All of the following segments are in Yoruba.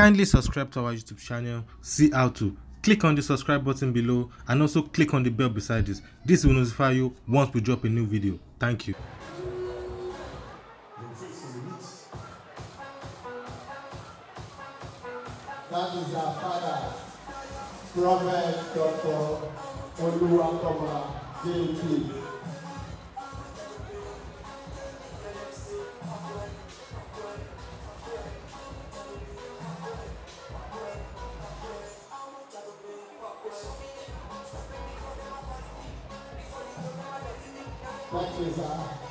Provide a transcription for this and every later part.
Kindly subscribe to our YouTube channel, see how to. Click on the subscribe button below and also click on the bell beside this. This will notify you once we drop a new video. Thank you. That is our father, Prophet Dr. Oluwakoma J.P. batizar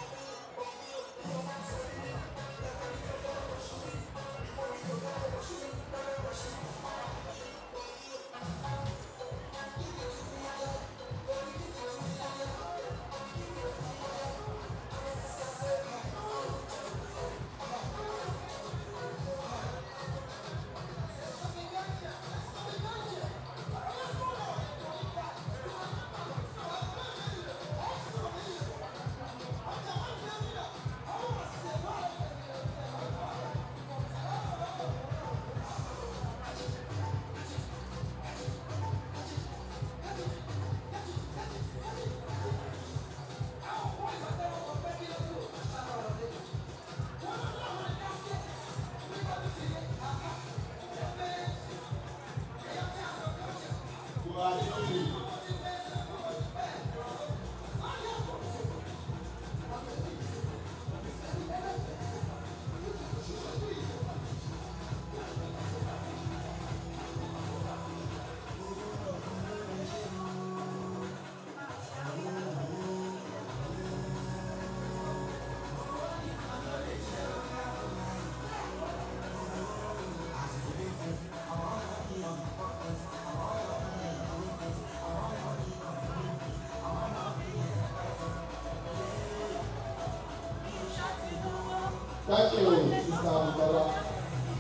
Thank you, Sister Abubakar.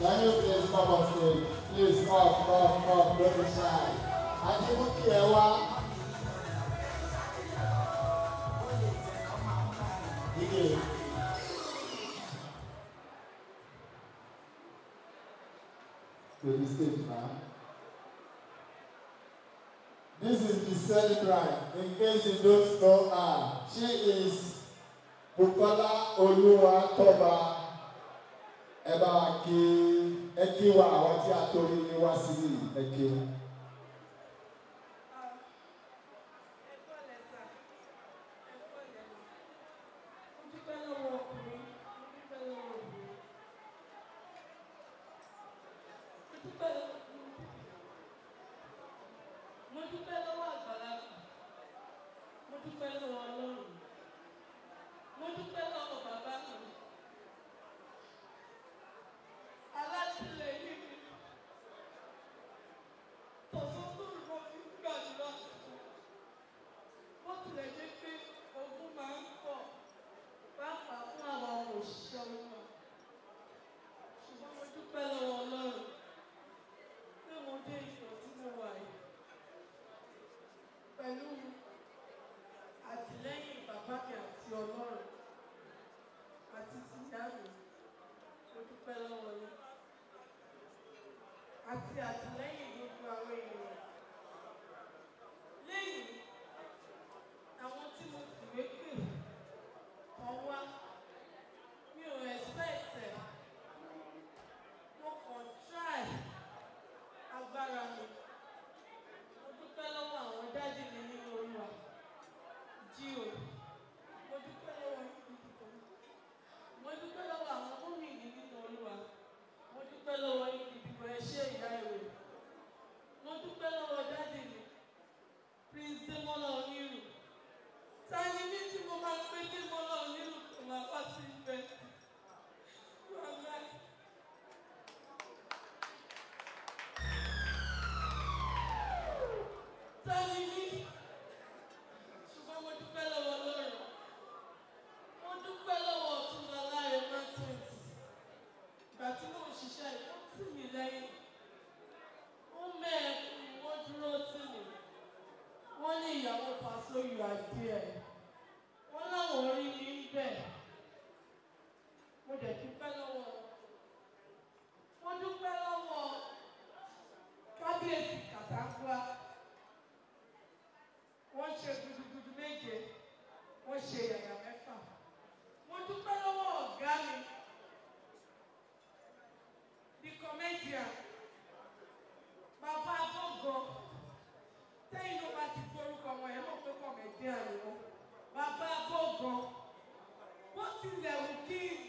Can you please come on stage? Please come, come, come, don't be shy. Ajibuki Ewa. Ige. To the stage, ma'am. This is the celebrant. In case you don't know her, she is Bukola Toba ẹ bá wa ké ẹ ké wa àwa tí a torí wa sí ẹ ké wa. dáhùn mo dúpẹ́ lọ́wọ́ yín àti àtìlẹ́yìn gbogbo àwọn èèyàn. so you are there wọ́n láwọn orí mi ń bẹ̀ mo dẹ̀ dúpẹ́ lọ́wọ́ wọ́n dúpẹ́ lọ́wọ́ kábíyèsí kàtàkùá. something that will give